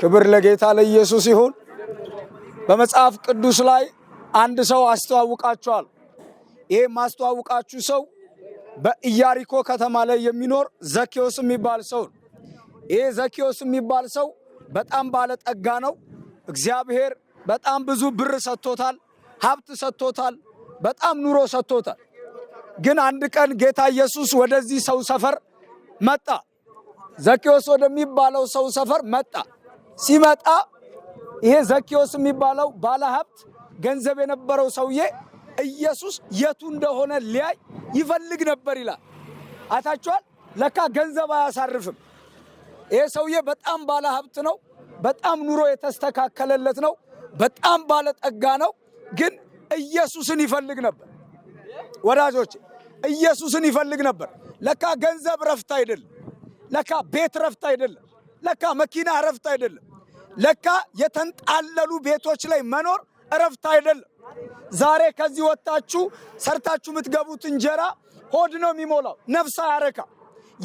ክብር ለጌታ ለኢየሱስ ይሁን። በመጽሐፍ ቅዱስ ላይ አንድ ሰው አስተዋውቃችኋል። ይሄ ማስተዋውቃችሁ ሰው በኢያሪኮ ከተማ ላይ የሚኖር ዘኪዎስ የሚባል ሰው ነው። ይሄ ዘኪዎስ የሚባል ሰው በጣም ባለጠጋ ነው። እግዚአብሔር በጣም ብዙ ብር ሰጥቶታል፣ ሀብት ሰጥቶታል፣ በጣም ኑሮ ሰጥቶታል። ግን አንድ ቀን ጌታ ኢየሱስ ወደዚህ ሰው ሰፈር መጣ። ዘኪዎስ ወደሚባለው ሰው ሰፈር መጣ። ሲመጣ ይሄ ዘኪዎስ የሚባለው ባለሀብት ገንዘብ የነበረው ሰውዬ ኢየሱስ የቱ እንደሆነ ሊያይ ይፈልግ ነበር ይላል። አይታችኋል? ለካ ገንዘብ አያሳርፍም። ይሄ ሰውዬ በጣም ባለሀብት ነው። በጣም ኑሮ የተስተካከለለት ነው። በጣም ባለጠጋ ነው። ግን ኢየሱስን ይፈልግ ነበር። ወዳጆች ኢየሱስን ይፈልግ ነበር። ለካ ገንዘብ ረፍት አይደለም። ለካ ቤት ረፍት አይደለም። ለካ መኪና እረፍት አይደለም። ለካ የተንጣለሉ ቤቶች ላይ መኖር እረፍት አይደለም። ዛሬ ከዚህ ወጣችሁ ሰርታችሁ የምትገቡት እንጀራ ሆድ ነው የሚሞላው፣ ነፍስ አያረካ።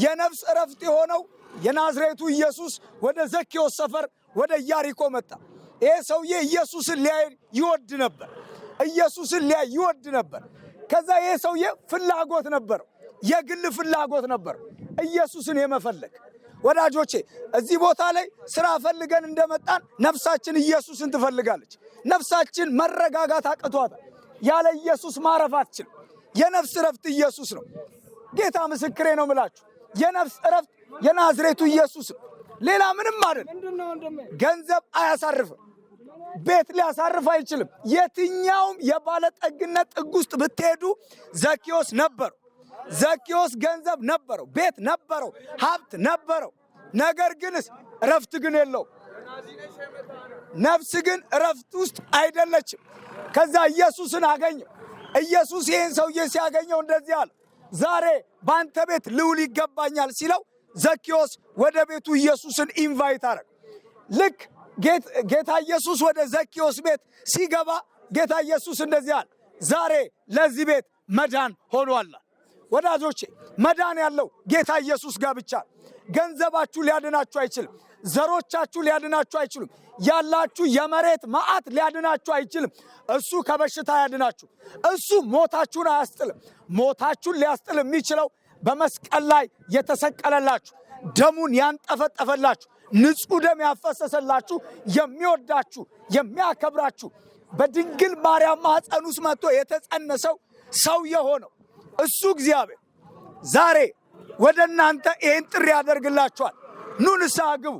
የነፍስ እረፍት የሆነው የናዝሬቱ ኢየሱስ ወደ ዘኬዎስ ሰፈር ወደ ኢያሪኮ መጣ። ይሄ ሰውዬ ኢየሱስን ሊያይ ይወድ ነበር። ኢየሱስን ሊያይ ይወድ ነበር። ከዛ ይሄ ሰውዬ ፍላጎት ነበረው፣ የግል ፍላጎት ነበረው፣ ኢየሱስን የመፈለግ ወዳጆቼ እዚህ ቦታ ላይ ስራ ፈልገን እንደመጣን ነፍሳችን ኢየሱስን ትፈልጋለች። ነፍሳችን መረጋጋት አቅቷታል። ያለ ኢየሱስ ማረፍ አትችልም። የነፍስ እረፍት ኢየሱስ ነው። ጌታ ምስክሬ ነው ምላችሁ፣ የነፍስ እረፍት የናዝሬቱ ኢየሱስ ነው። ሌላ ምንም አይደለም። ገንዘብ አያሳርፍም። ቤት ሊያሳርፍ አይችልም። የትኛውም የባለጠግነት ጥግ ውስጥ ብትሄዱ ዘኪዎስ ነበሩ። ዘኪዎስ ገንዘብ ነበረው፣ ቤት ነበረው፣ ሀብት ነበረው። ነገር ግንስ እረፍት ግን የለው። ነፍስ ግን እረፍት ውስጥ አይደለችም። ከዛ ኢየሱስን አገኘው። ኢየሱስ ይህን ሰውዬ ሲያገኘው እንደዚህ አለ፣ ዛሬ በአንተ ቤት ልውል ይገባኛል ሲለው ዘኪዎስ ወደ ቤቱ ኢየሱስን ኢንቫይት አረግ። ልክ ጌታ ኢየሱስ ወደ ዘኪዎስ ቤት ሲገባ ጌታ ኢየሱስ እንደዚህ አለ፣ ዛሬ ለዚህ ቤት መዳን ሆኗል። ወዳጆቼ መዳን ያለው ጌታ ኢየሱስ ጋር ብቻ። ገንዘባችሁ ሊያድናችሁ አይችልም። ዘሮቻችሁ ሊያድናችሁ አይችሉም። ያላችሁ የመሬት መዓት ሊያድናችሁ አይችልም። እሱ ከበሽታ ያድናችሁ። እሱ ሞታችሁን አያስጥልም። ሞታችሁን ሊያስጥል የሚችለው በመስቀል ላይ የተሰቀለላችሁ ደሙን ያንጠፈጠፈላችሁ ንጹህ ደም ያፈሰሰላችሁ የሚወዳችሁ የሚያከብራችሁ በድንግል ማርያም ማኅፀን ውስጥ መጥቶ የተጸነሰው ሰው የሆነው እሱ እግዚአብሔር ዛሬ ወደ እናንተ ይህን ጥሪ ያደርግላችኋል። ኑ ንስሐ ግቡ።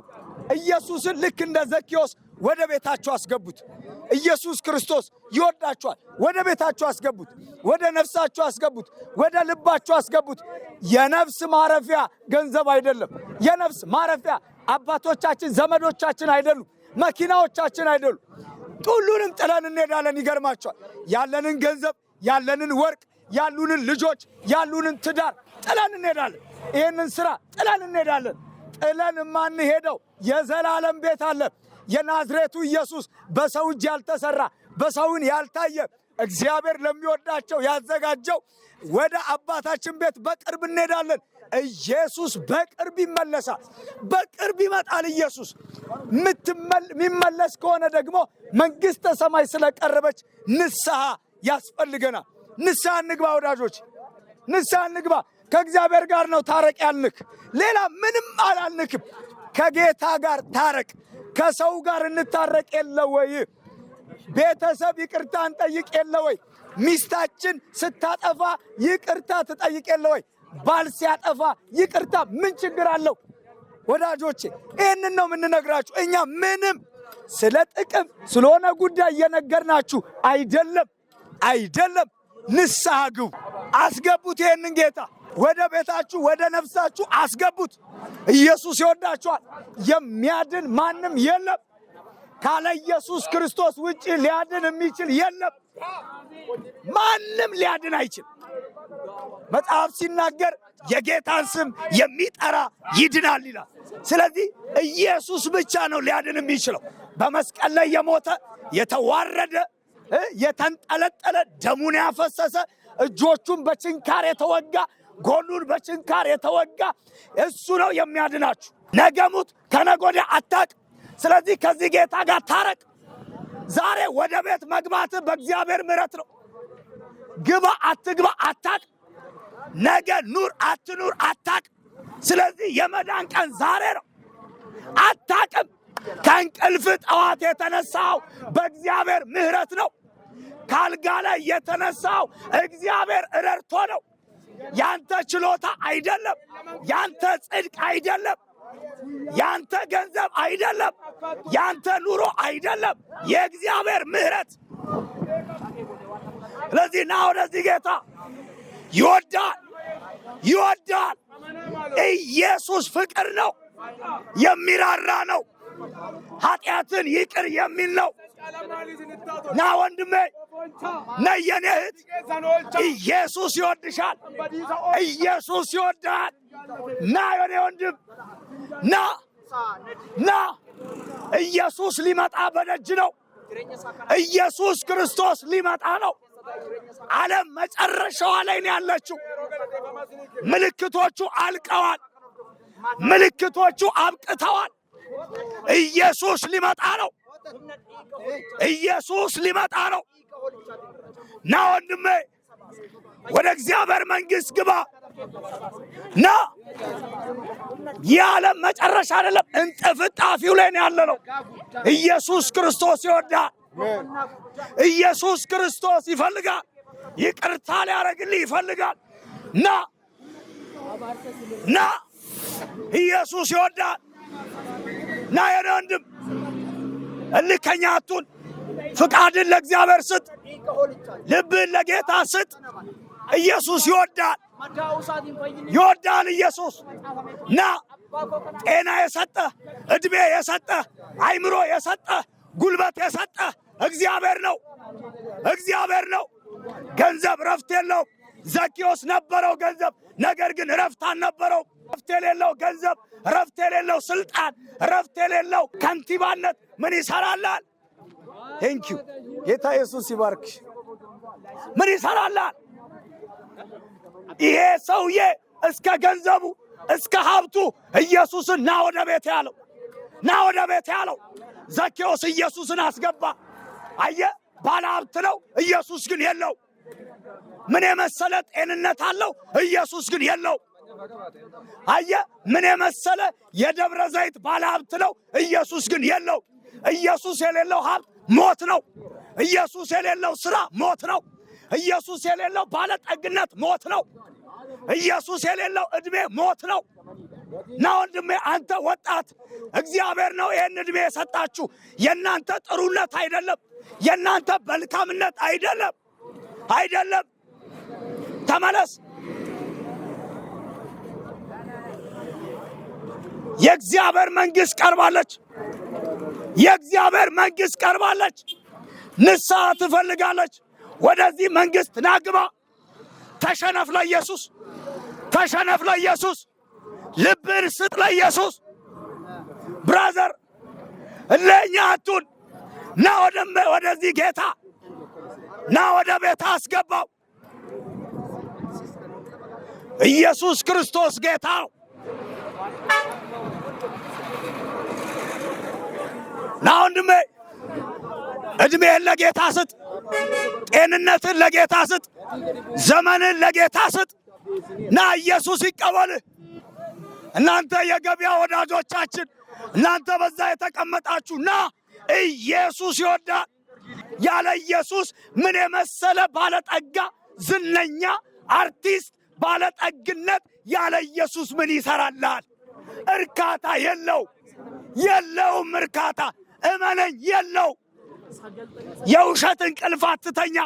ኢየሱስን ልክ እንደ ዘኪዎስ ወደ ቤታችሁ አስገቡት። ኢየሱስ ክርስቶስ ይወዳችኋል። ወደ ቤታችሁ አስገቡት። ወደ ነፍሳችሁ አስገቡት። ወደ ልባችሁ አስገቡት። የነፍስ ማረፊያ ገንዘብ አይደለም። የነፍስ ማረፊያ አባቶቻችን፣ ዘመዶቻችን አይደሉም። መኪናዎቻችን አይደሉ ሁሉንም ጥለን እንሄዳለን። ይገርማቸዋል። ያለንን ገንዘብ፣ ያለንን ወርቅ፣ ያሉንን ልጆች ያሉንን ትዳር ጥለን እንሄዳለን። ይህንን ስራ ጥለን እንሄዳለን። ጥለን የማንሄደው የዘላለም ቤት አለ። የናዝሬቱ ኢየሱስ በሰው እጅ ያልተሰራ በሰውን ያልታየ እግዚአብሔር ለሚወዳቸው ያዘጋጀው ወደ አባታችን ቤት በቅርብ እንሄዳለን። ኢየሱስ በቅርብ ይመለሳል። በቅርብ ይመጣል ኢየሱስ። የሚመለስ ከሆነ ደግሞ መንግሥተ ሰማይ ስለቀረበች ንስሐ ያስፈልገናል። ንስሐ እንግባ ወዳጆች፣ ንስሐ እንግባ። ከእግዚአብሔር ጋር ነው ታረቅ ያልንክ፣ ሌላ ምንም አላልንክም። ከጌታ ጋር ታረቅ፣ ከሰው ጋር እንታረቅ የለ ወይ? ቤተሰብ ይቅርታ እንጠይቅ የለ ወይ? ሚስታችን ስታጠፋ ይቅርታ ትጠይቅ የለ ወይ? ባል ሲያጠፋ ይቅርታ ምን ችግር አለው? ወዳጆቼ ይህንን ነው የምንነግራችሁ። እኛ ምንም ስለ ጥቅም ስለሆነ ጉዳይ እየነገርናችሁ አይደለም አይደለም ንስሐ ግቡ። አስገቡት፣ ይህንን ጌታ ወደ ቤታችሁ ወደ ነፍሳችሁ አስገቡት። ኢየሱስ ይወዳችኋል። የሚያድን ማንም የለም ካለ ኢየሱስ ክርስቶስ ውጭ ሊያድን የሚችል የለም። ማንም ሊያድን አይችል። መጽሐፍ ሲናገር የጌታን ስም የሚጠራ ይድናል ይላል። ስለዚህ ኢየሱስ ብቻ ነው ሊያድን የሚችለው። በመስቀል ላይ የሞተ የተዋረደ የተንጠለጠለ ደሙን ያፈሰሰ እጆቹን በችንካር የተወጋ ጎኑን በችንካር የተወጋ እሱ ነው የሚያድናችሁ። ነገ ሙት፣ ከነገ ወዲያ አታቅ። ስለዚህ ከዚህ ጌታ ጋር ታረቅ። ዛሬ ወደ ቤት መግባት በእግዚአብሔር ምሕረት ነው። ግባ፣ አትግባ አታቅ። ነገ ኑር፣ አትኑር አታቅ። ስለዚህ የመዳን ቀን ዛሬ ነው። አታቅም ከእንቅልፍ ጠዋት የተነሳው በእግዚአብሔር ምሕረት ነው። ካልጋ ላይ የተነሳው እግዚአብሔር ረድቶ ነው። ያንተ ችሎታ አይደለም። ያንተ ጽድቅ አይደለም። ያንተ ገንዘብ አይደለም። ያንተ ኑሮ አይደለም። የእግዚአብሔር ምሕረት። ስለዚህ ና ወደዚህ ጌታ ይወዳል፣ ይወዳል። ኢየሱስ ፍቅር ነው፣ የሚራራ ነው። ኃጢአትን ይቅር የሚል ነው። ና ወንድሜ፣ የኔ እህት፣ ኢየሱስ ይወድሻል። ኢየሱስ ይወድሃል። ና የኔ ወንድም፣ ና ና። ኢየሱስ ሊመጣ በደጅ ነው። ኢየሱስ ክርስቶስ ሊመጣ ነው። ዓለም መጨረሻዋ ላይ ነው ያለችው። ምልክቶቹ አልቀዋል። ምልክቶቹ አብቅተዋል። ኢየሱስ ሊመጣ ነው። ኢየሱስ ሊመጣ ነው። ና ወንድሜ ወደ እግዚአብሔር መንግሥት ግባ። ና የዓለም መጨረሻ አይደለም፣ እንጥፍጣፊው ላይ ነው ያለ ነው። ኢየሱስ ክርስቶስ ይወዳል። ኢየሱስ ክርስቶስ ይፈልጋል። ይቅርታ ሊያደርግልህ ይፈልጋል። ና ና፣ ኢየሱስ ይወዳል። ና የኔ ወንድም እልከኛ አቱን ፍቃድን ለእግዚአብሔር ስጥ፣ ልብን ለጌታ ስጥ። ኢየሱስ ይወዳል ይወዳል ኢየሱስ ና ጤና የሰጠ እድሜ የሰጠ አይምሮ የሰጠ ጉልበት የሰጠ እግዚአብሔር ነው። እግዚአብሔር ነው። ገንዘብ ረፍት የለውም። ዘኪዎስ ነበረው ገንዘብ፣ ነገር ግን ረፍት አልነበረው። ረፍት የሌለው ገንዘብ፣ ረፍት የሌለው ስልጣን፣ ረፍት የሌለው ከንቲባነት ምን ይሰራላል? ቴንኪዩ ጌታ ኢየሱስ ይባርክ። ምን ይሰራላል? ይሄ ሰውዬ እስከ ገንዘቡ እስከ ሀብቱ ኢየሱስን ና ወደ ቤት ያለው ና ወደ ቤት ያለው ዘኪዎስ ኢየሱስን አስገባ። አየ ባለ ሀብት ነው፣ ኢየሱስ ግን የለው ምን የመሰለ ጤንነት አለው፣ ኢየሱስ ግን የለው። አየ ምን የመሰለ የደብረ ዘይት ባለ ሀብት ነው፣ ኢየሱስ ግን የለው። ኢየሱስ የሌለው ሀብት ሞት ነው። ኢየሱስ የሌለው ስራ ሞት ነው። ኢየሱስ የሌለው ባለጠግነት ሞት ነው። ኢየሱስ የሌለው እድሜ ሞት ነው። ና ወንድሜ፣ አንተ ወጣት፣ እግዚአብሔር ነው ይህን እድሜ የሰጣችሁ። የእናንተ ጥሩነት አይደለም፣ የእናንተ መልካምነት አይደለም። አይደለም። ተመለስ። የእግዚአብሔር መንግስት ቀርባለች። የእግዚአብሔር መንግስት ቀርባለች። ንስሐ ትፈልጋለች። ወደዚህ መንግስት ናግባ። ተሸነፍ ለኢየሱስ፣ ተሸነፍ ለኢየሱስ፣ ልብን ስጥ ለኢየሱስ። ብራዘር እለኛ አቱን ና ወደዚህ ጌታ ና ወደ ቤት አስገባው። ኢየሱስ ክርስቶስ ጌታው ና ወንድሜ፣ ዕድሜህን ለጌታ ስጥ፣ ጤንነትን ለጌታ ስጥ፣ ዘመንን ለጌታ ስጥ። ና ኢየሱስ ይቀበልህ። እናንተ የገበያ ወዳጆቻችን፣ እናንተ በዛ የተቀመጣችሁ ና ኢየሱስ ይወዳል። ያለ ኢየሱስ ምን የመሰለ ባለጠጋ ዝነኛ አርቲስት ባለጠግነት ያለ ኢየሱስ ምን ይሰራልሃል? እርካታ የለው የለውም። እርካታ እመነኝ የለው። የውሸት እንቅልፍ አትተኛ።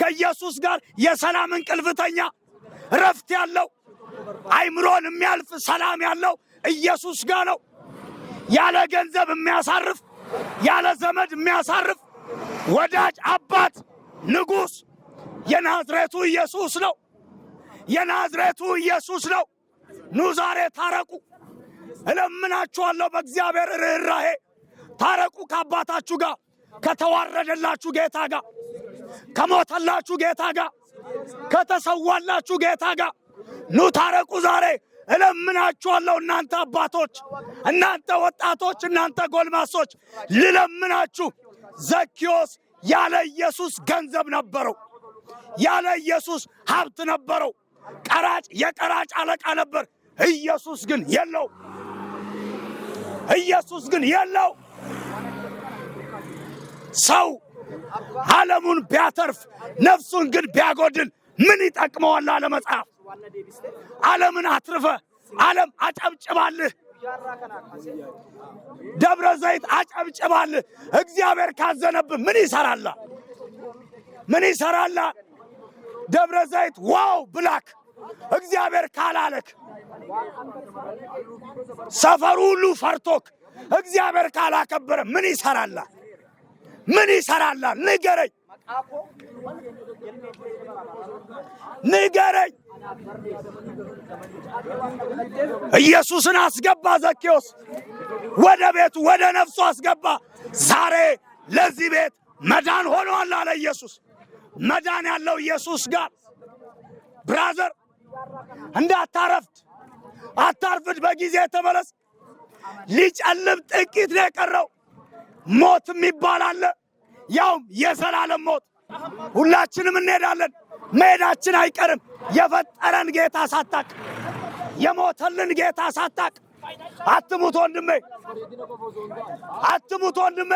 ከኢየሱስ ጋር የሰላም እንቅልፍተኛ ረፍት ያለው አይምሮን የሚያልፍ ሰላም ያለው ኢየሱስ ጋር ነው። ያለ ገንዘብ የሚያሳርፍ ያለ ዘመድ የሚያሳርፍ ወዳጅ አባት ንጉሥ የናዝሬቱ ኢየሱስ ነው። የናዝሬቱ ኢየሱስ ነው። ኑ ዛሬ ታረቁ። እለምናችኋለሁ በእግዚአብሔር ርኅራሄ ታረቁ። ከአባታችሁ ጋር ከተዋረደላችሁ ጌታ ጋር ከሞተላችሁ ጌታ ጋር ከተሰዋላችሁ ጌታ ጋር ኑ ታረቁ ዛሬ እለምናችኋለሁ እናንተ አባቶች፣ እናንተ ወጣቶች፣ እናንተ ጎልማሶች ልለምናችሁ ዘኪዎስ ያለ ኢየሱስ ገንዘብ ነበረው። ያለ ኢየሱስ ሀብት ነበረው። ቀራጭ የቀራጭ አለቃ ነበር። ኢየሱስ ግን የለው። ኢየሱስ ግን የለው። ሰው ዓለሙን ቢያተርፍ ነፍሱን ግን ቢያጎድል ምን ይጠቅመዋል? አለ መጽሐፍ። ዓለምን አትርፈ ዓለም አጨብጭባልህ ደብረ ዘይት አጨብጭባል። እግዚአብሔር ካዘነብህ ምን ይሰራላ? ምን ይሰራላ? ደብረ ዘይት ዋው ብላክ እግዚአብሔር ካላለክ ሰፈሩ ሁሉ ፈርቶክ እግዚአብሔር ካላከበረ ምን ይሰራላ? ምን ይሰራላ? ንገረኝ፣ ንገረኝ ኢየሱስን አስገባ። ዘኬዎስ ወደ ቤቱ ወደ ነፍሱ አስገባ። ዛሬ ለዚህ ቤት መዳን ሆኗል አለ ኢየሱስ። መዳን ያለው ኢየሱስ ጋር ብራዘር፣ እንዳታረፍት አታርፍድ፣ በጊዜ ተመለስ። ሊጨልም ጥቂት ነው የቀረው። ሞት የሚባል አለ፣ ያውም የዘላለም ሞት። ሁላችንም እንሄዳለን። መሄዳችን አይቀርም። የፈጠረን ጌታ ሳታቅ፣ የሞተልን ጌታ ሳታቅ አትሙት ወንድሜ፣ አትሙት ወንድሜ።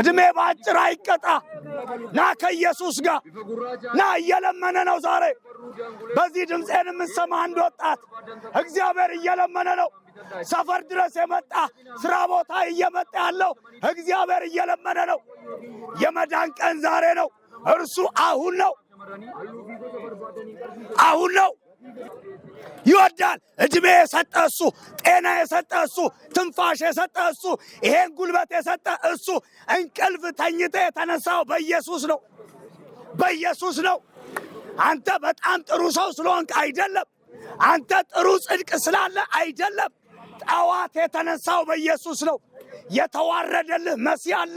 እድሜ በአጭር አይቀጣ። ና ከኢየሱስ ጋር ና። እየለመነ ነው ዛሬ። በዚህ ድምፄን የምንሰማ አንድ ወጣት እግዚአብሔር እየለመነ ነው። ሰፈር ድረስ የመጣ ስራ ቦታ እየመጣ ያለው እግዚአብሔር እየለመነ ነው። የመዳን ቀን ዛሬ ነው። እርሱ አሁን ነው፣ አሁን ነው። ይወዳል። እድሜ የሰጠ እሱ፣ ጤና የሰጠ እሱ፣ ትንፋሽ የሰጠ እሱ፣ ይሄን ጉልበት የሰጠ እሱ። እንቅልፍ ተኝተ የተነሳው በኢየሱስ ነው፣ በኢየሱስ ነው። አንተ በጣም ጥሩ ሰው ስለሆንክ አይደለም። አንተ ጥሩ ጽድቅ ስላለ አይደለም። ጠዋት የተነሳው በኢየሱስ ነው። የተዋረደልህ መሲ አለ።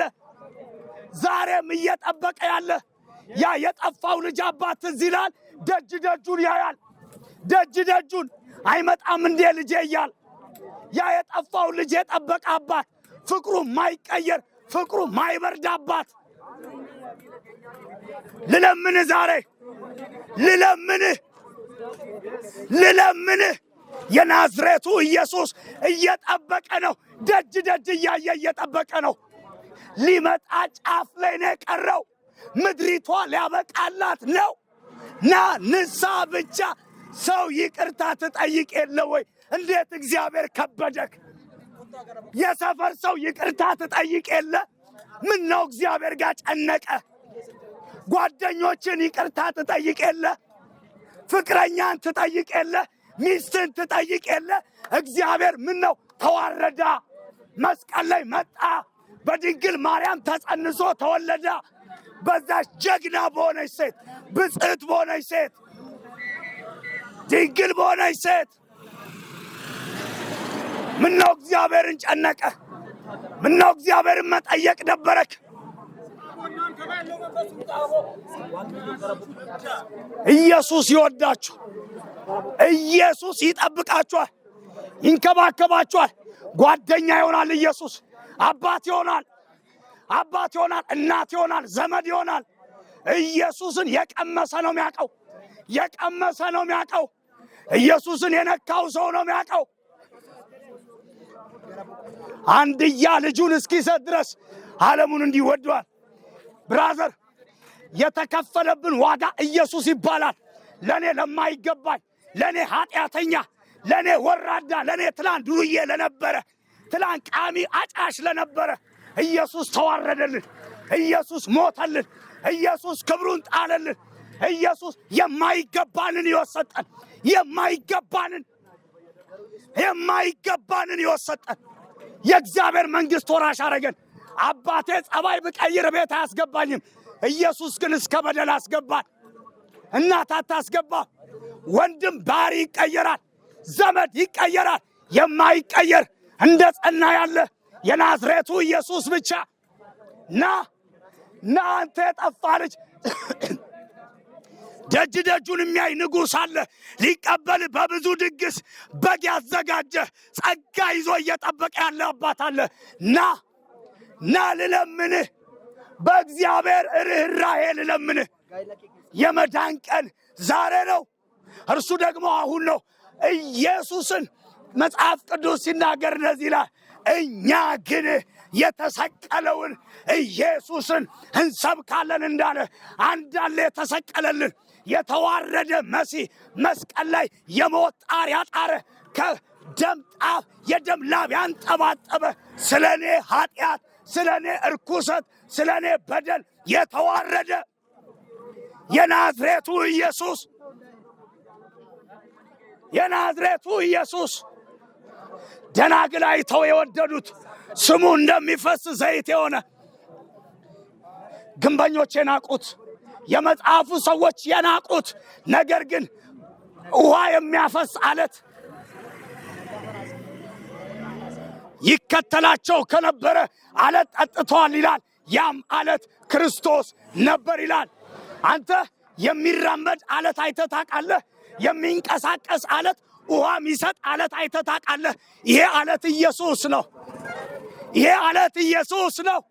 ዛሬም እየጠበቀ ያለ ያ የጠፋው ልጅ አባት ትዝ ይላል። ደጅ ደጁን ያያል። ደጅ ደጁን አይመጣም እንዴ ልጄ እያል ያ የጠፋው ልጅ የጠበቀ አባት ፍቅሩ ማይቀየር ፍቅሩ ማይበርድ አባት ልለምን ዛሬ ልለምን ልለምንህ የናዝሬቱ ኢየሱስ እየጠበቀ ነው። ደጅ ደጅ እያየ እየጠበቀ ነው። ሊመጣ ጫፍ ላይ ነው የቀረው። ምድሪቷ ሊያበቃላት ነው። ና ንሳ ብቻ ሰው ይቅርታ ትጠይቅ የለ ወይ? እንዴት እግዚአብሔር ከበደክ? የሰፈር ሰው ይቅርታ ትጠይቅ የለ? ምን ነው እግዚአብሔር ጋር ጨነቀ? ጓደኞችን ይቅርታ ትጠይቅ የለ? ፍቅረኛን ትጠይቅ የለ? ሚስትን ትጠይቅ የለ? እግዚአብሔር ምን ነው ተዋረዳ፣ መስቀል ላይ መጣ። በድንግል ማርያም ተጸንሶ ተወለደ። በዛች ጀግና በሆነች ሴት፣ ብጽዕት በሆነች ሴት፣ ድንግል በሆነች ሴት ምነው እግዚአብሔርን ጨነቀ? ምነው እግዚአብሔርን መጠየቅ ነበረክ? ኢየሱስ ይወዳችሁ። ኢየሱስ ይጠብቃችኋል፣ ይንከባከባችኋል፣ ጓደኛ ይሆናል ኢየሱስ አባት ይሆናል፣ አባት ይሆናል፣ እናት ይሆናል፣ ዘመድ ይሆናል። ኢየሱስን የቀመሰ ነው የሚያውቀው፣ የቀመሰ ነው የሚያውቀው። ኢየሱስን የነካው ሰው ነው የሚያውቀው። አንድያ ልጁን እስኪሰጥ ድረስ ዓለሙን እንዲወደዋል ብራዘር የተከፈለብን ዋጋ ኢየሱስ ይባላል። ለእኔ ለማይገባኝ፣ ለእኔ ኃጢአተኛ፣ ለእኔ ወራዳ፣ ለእኔ ትላንት ዱርዬ ለነበረ ትላንት ቃሚ አጫሽ ለነበረ ኢየሱስ ተዋረደልን። ኢየሱስ ሞተልን። ኢየሱስ ክብሩን ጣለልን። ኢየሱስ የማይገባንን ይወሰጠን የማይገባንን የማይገባንን ይወሰጠን የእግዚአብሔር መንግሥት ወራሽ አረገን። አባቴ ጸባይ ብቀይር ቤት አያስገባኝም። ኢየሱስ ግን እስከ በደል አስገባል። እናት አታስገባ። ወንድም ባህሪ ይቀየራል። ዘመድ ይቀየራል። የማይቀየር እንደ ጸና ያለ የናዝሬቱ ኢየሱስ ብቻ ና ና አንተ የጠፋ ልጅ ደጅ ደጁን የሚያይ ንጉሥ አለ። ሊቀበል በብዙ ድግስ በግ ያዘጋጀ ጸጋ ይዞ እየጠበቀ ያለ አባት አለ። ና ና ልለምንህ፣ በእግዚአብሔር ርኅራሄ ልለምንህ። የመዳን ቀን ዛሬ ነው፣ እርሱ ደግሞ አሁን ነው። ኢየሱስን መጽሐፍ ቅዱስ ሲናገር እንደዚህ ይላል፣ እኛ ግን የተሰቀለውን ኢየሱስን እንሰብካለን እንዳለ አንዳለ የተሰቀለልን የተዋረደ መሲህ መስቀል ላይ የሞት ጣር ያጣረ ከደም ጣፍ የደም ላብ ያንጠባጠበ ስለ እኔ ኃጢአት፣ ስለ እኔ እርኩሰት፣ ስለ እኔ በደል የተዋረደ የናዝሬቱ ኢየሱስ የናዝሬቱ ኢየሱስ ደናግል አይተው የወደዱት ስሙ እንደሚፈስ ዘይት የሆነ ግንበኞች የናቁት የመጽሐፉ ሰዎች የናቁት፣ ነገር ግን ውሃ የሚያፈስ አለት ይከተላቸው ከነበረ አለት ጠጥተዋል ይላል። ያም አለት ክርስቶስ ነበር ይላል። አንተ የሚራመድ አለት አይተህ ታውቃለህ? የሚንቀሳቀስ አለት ውሃ የሚሰጥ አለት አይተህ ታውቃለህ? ይሄ አለት ኢየሱስ ነው። ይሄ አለት ኢየሱስ ነው።